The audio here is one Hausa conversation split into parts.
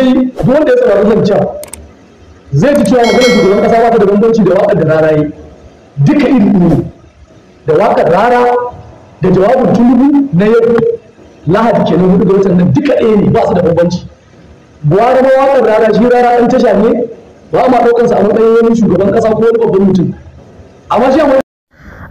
dai duk wanda ya saurari zancen zai ji cewa maganar shugaban kasa ba ta da bambanci da waƙar da rara yi duka iri iri da waƙar rara da jawabin tulubu na yau lahadi kenan hudu ga watan nan duka ɗaya ne ba su da bambanci gwara ma waƙar rara shi rara ɗan tasha ne ba ma sa a matsayin wani shugaban kasa ko wani babban mutum amma shi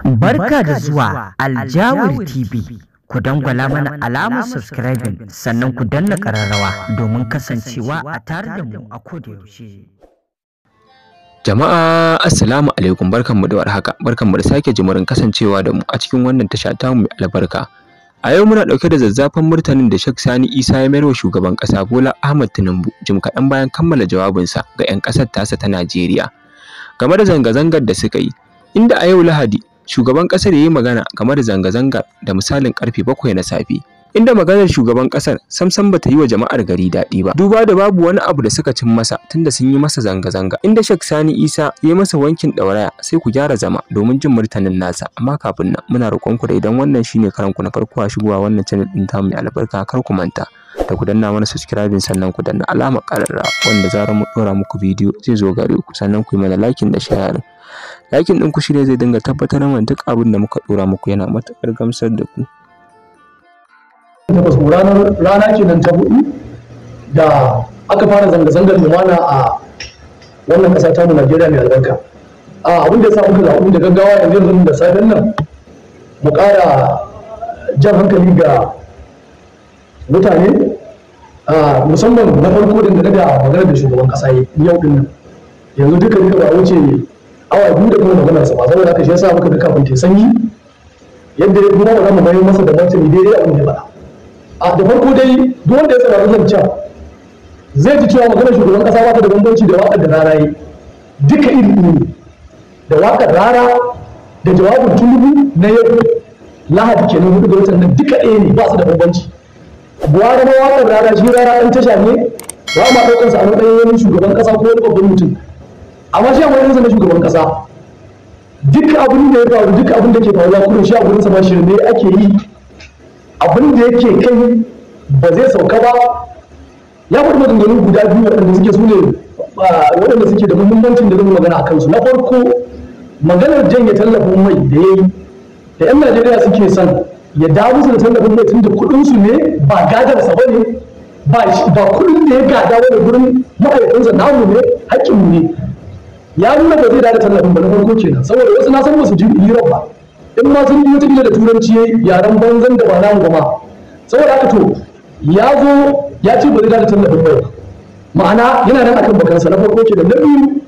Barka da zuwa Aljawar TV. ku dangwala mana alamar subscribing sannan ku danna kararrawa domin kasancewa a tare da mu a yaushe. Jama'a assalamu alaikum barkanmu da warhaka barkanmu da sake jimurin kasancewa da mu a cikin wannan tasha ta mu albarka. A yau muna ɗauke da zazzafan murtanin da Sheikh Sani Isa ya mayar wa shugaban ƙasa Bola Ahmad Tinubu jim kaɗan bayan kammala jawabinsa ga 'yan ƙasar tasa ta Najeriya game da zanga-zangar da suka yi. inda a yau Lahadi shugaban ƙasar ya yi magana game da zanga-zangar da misalin ƙarfe bakwai na safe inda maganar shugaban ƙasar samsam ba ta yi wa jama'ar gari daɗi ba duba da babu wani abu da suka cin masa tunda sun yi masa zanga-zanga inda Sheikh sani isa ya yi masa wankin ɗauraya sai ku gyara zama domin jin martanin nasa amma kafin nan muna roƙon ku da idan wannan shine ku na farko a shigowa wannan channel ɗin tamu mai albarka kar ku manta da ku danna mana subscribing sannan ku danna alamar ƙararra wanda zarar mu ɗora muku bidiyo zai zo gare ku sannan ku yi mana laikin da share. Yakin din ku shine zai dinga tabbatar mana duk abin da muka ɗora muku yana matuƙar gamsar da ku. ranar rana ce nan ta hudu da aka fara zanga-zangar lumana a wannan kasa ta Najeriya mai albarka. A abin da ya sa muka abin da gaggawa yanzu yanzu da safen nan mu ƙara jan hankali ga mutane musamman na farko da daga magana da shugaban kasa yau din nan yanzu duka duka ba wuce awa biyu da kuma maganar sa ba saboda haka shi yasa muka ga kafin ke sanyi yadda ya kuma magana mai masa da martani daidai abin da faɗa a da farko dai duk wanda ya saurari zancen zai ji cewa maganar shugaban kasa ba ta da bambanci da waƙar da rara yi duka iri iri da waƙar rara da jawabin tulubu na yau lahadi kenan hudu da watan nan duka ɗaya ne ba su da bambanci gwara na waƙar rara shi rara ɗan tasha ne ba ma ɗaukansa a matsayin wani shugaban kasa ko wani babban mutum amma shi a matsayin na shugaban kasa duk abin da ya faru duk abin da ke faruwa kurin shi a gurin sa ne ake yi abin da yake kai ba zai sauka ba ya faɗi maganganu guda biyu waɗanda suke su ne waɗanda suke da muhimmancin da zama magana a kansu na farko maganar janye tallafin mai da ya yi da 'yan najeriya suke son ya dawo su da tallafin mai tun da kuɗinsu ne ba gadarsa ba ne ba kuɗin da ya gada wani gurin mahaifinsa namu ne haƙƙinmu ne ya nuna ba zai da tallafin ba na farko kenan saboda wasu na san ba su ji hirar ba in ma sun ji wata da turanci yaren banzan da ba namu goma saboda haka to ya zo ya ce ba zai da tallafin ba ma'ana yana nan akan bakansa na farko kenan na biyu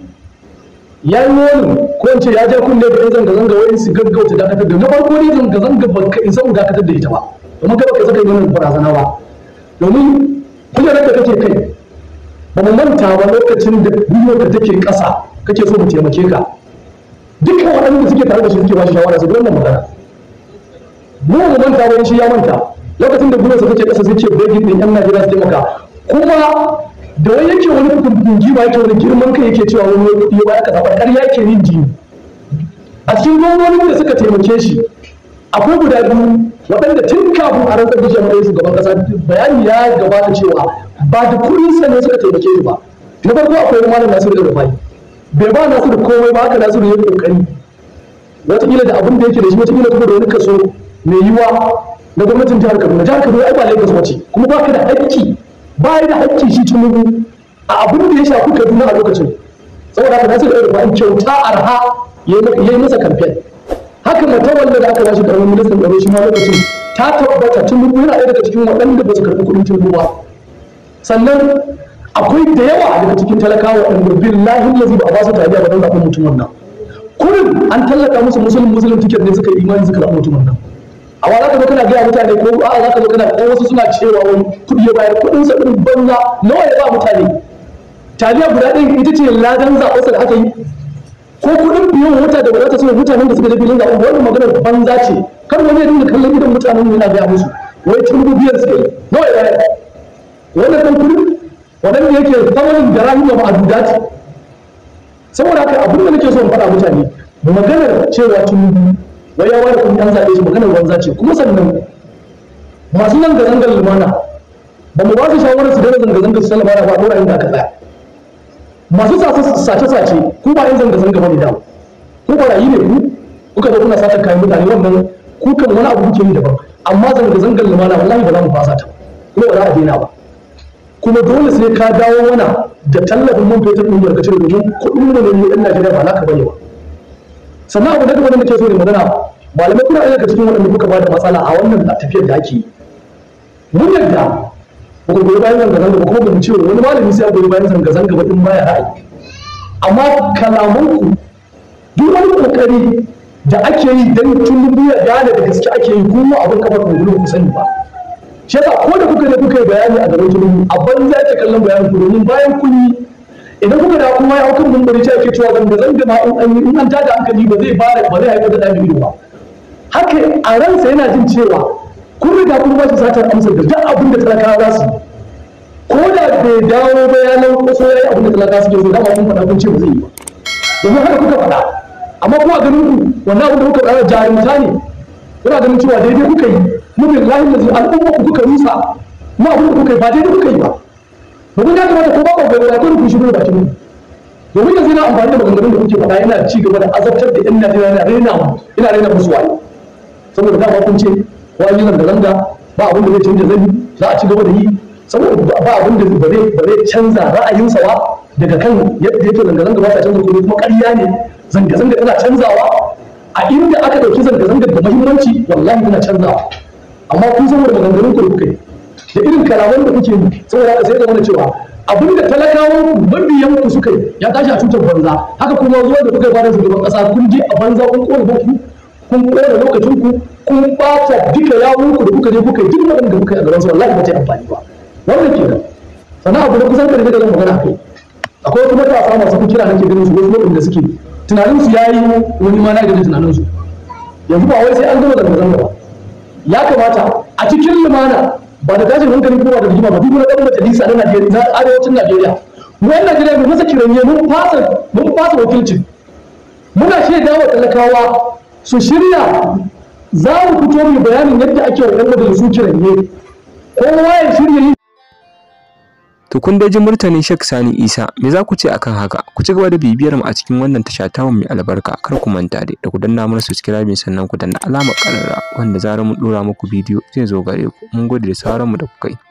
ya yi wani ko in ce ya je kunne da zanga zanga wai su gaggauta dakatar da na farko ne zanga zanga ba ka isa dakatar da ita ba domin ka baka saka yi wannan barazana ba domin kujerar da kake kai ba mu manta ba lokacin da duniyar da take ƙasa kake so mu taimake ka duka waɗanda suke tare da su suke bashi shawara su ga wannan magana mu mu manta ba shi ya manta lokacin da duniyar take ƙasa sai ce begin din yan Najeriya su taimaka kuma da wani yake wani kungi ba yake wani girman kai yake cewa wani kuɗi ba ya kasa ƙarya yake yin jini a cikin gwamnoni da suka taimake shi akwai guda biyu waɗanda tun kafin a rantsar da shi su gaban ƙasa bayani ya gabata cewa ba da kuɗi sannan ne suka taimake shi ba na farko akwai malam nasiru da rufai bai ba nasiru komai ba haka nasiru ya kokari wataƙila da abin da yake da shi wataƙila kuma da wani kaso mai yiwa na gwamnatin jihar kaduna jihar kaduna ai ba lagos ce kuma ba ka da haƙƙi ba da haƙƙi shi tinubu a abin da ya shafi kaduna a lokacin saboda haka nasiru da rufai kyauta arha ya yi masa kamfen haka wanda da aka bashi karamin ministan tsaro shi ma lokacin ta tabbata tinubu yana ɗaya daga cikin waɗanda ba su karɓi kuɗin tinubu ba sannan akwai da yawa daga cikin talakawa waɗanda billahi lazi ba a basu tariya ba don zaɓen mutum wannan kurin an tallaka musu musulun musulun tiket ne suka yi imani suka zaɓi mutum wannan a wa zaka zo kana gaya mutane ko za zaka zo kana ko wasu suna cewa wani kuɗi ya bayar kuɗin sa ɗin banza nawa ya ba mutane taliya guda ɗin ita ce ladan zaɓensa da aka yi ko kuɗin biyan mota da ba za mutanen da suka je filin zaɓen wannan maganar banza ce kar wani ya dinga kallon gidan mutanen yana gaya musu wai tun biyar suka yi nawa ya yi wannan kan kuɗin waɗanda yake zamanin da rayuwa ba a duda saboda haka abin da nake so in faɗa mutane maganar cewa tun wai ya ware kun ɗan zaɓe shi maganar banza ce kuma sannan masu zanga-zangar lumana ba mu ba su shawarar su daina zanga-zangar su sallama da ba ɗora inda aka tsaya masu sace-sace ku ba yan zanga-zanga ba ne da ku yi ne ku kuka zo kuna sace kayan mutane wannan ku kan wani abu kuke yi daban amma zanga-zangar lumana wallahi ba za mu fasa ta kuma ba za a daina ba kuma dole sai ka dawo mana da tallafin man fetur ɗin barkaci da domin kuɗin mu ne ɗan Najeriya ba naka bane ba sannan abu da gaba da muke so ne magana malamai kuna ɗaya cikin waɗanda kuka ba da matsala a wannan tafiyar da ake yi mun yarda ba ku goyi bayan zanga-zanga ba kuma ba mu ce wani malami sai a goyi bayan zanga-zanga ba in baya ra'ayi amma kalamanku duk wani kokari da ake yi dan tunubu ya gane da gaske ake yi kuma abin kafar ungulu ku sani ba shi yasa ko da kuka je kuka yi bayani a gaban tunubu a banza ake kallon bayanin ku domin bayan kun yi idan kuka da kuma ya haukan mun bari ake cewa zanga zanga ma in an yi in an tada hankali ba zai fara ba zai haifar da ɗan ba haka a ransa yana jin cewa kun riga kun ba shi satar amsar da duk abin da talakawa za su ko da bai dawo bayanan kusa ya yi abin da talakawa su so dama kun faɗa kun ce ba zai yi ba domin haka kuka faɗa amma kuma ganin ku wannan abin da kuka tsara jarumta ne kuna ganin cewa daidai kuka yi mu billahi lazi al'umma ku kuka rusa mu abin da kuka yi ba daidai kuka yi ba domin ya kamata ko ba ku gaba ko ku shigo da bakin domin yanzu na amfani da maganganun da kuke faɗa yana ci gaba da azabtar da 'yan Najeriya ina raina musu waye saboda dama kun ce ko an yi zanga-zanga ba abin da zai canza zani za a ci gaba da yi saboda ba abin da ba zai canza ra'ayinsa ba daga kan yadda yake zanga-zanga ba ta canza komai kuma ƙarya ne zanga-zanga tana canzawa a inda aka ɗauki zanga-zanga da muhimmanci wallahi tana canzawa amma kun san wani maganganun ku kuka yi da irin kalaman da kuke yi saboda haka sai zama da cewa abin da talakawan ku mabiyan ku suka yi ya tashi a cutar banza haka kuma zuwa da kuka ba da shugaban ƙasa kun je a banza kun kone ku kun ɓoye lokacin ku kun ɓata duka yawon ku da kuka je kuka yi duk waɗanda kuka yi a gaban su wallahi ba ta amfani ba wannan kenan sana'a ku da kusan karfe da zama magana akai akwai kuma matasa masu kun kira nake ganin su wasu lokacin da suke tunanin su ya yi wani ma na ganin tunanin su yanzu ba wai sai an gama zanga zama ba ya kamata a cikin lumana ba da tashin hankali kuma da rigima ba duk wani ɗan majalisa na Najeriya na arewacin Najeriya mu yan Najeriya mu masa kiranye mun fasa mun fasa wakilcin muna shaida wa talakawa su shirya za mu fito mai bayanin yadda ake wa ɗan da su kiranye kowa ya shirya yi to kun dai ji Sheikh Sani Isa me za ku ce akan haka ku ci gaba da bibiyar mu a cikin wannan tasha ta mai albarka kar ku manta dai da ku danna mana subscribe sannan ku danna alamar karara wanda zarar mun dora muku bidiyo zai zo gare ku mun gode da sauran mu da kuka yi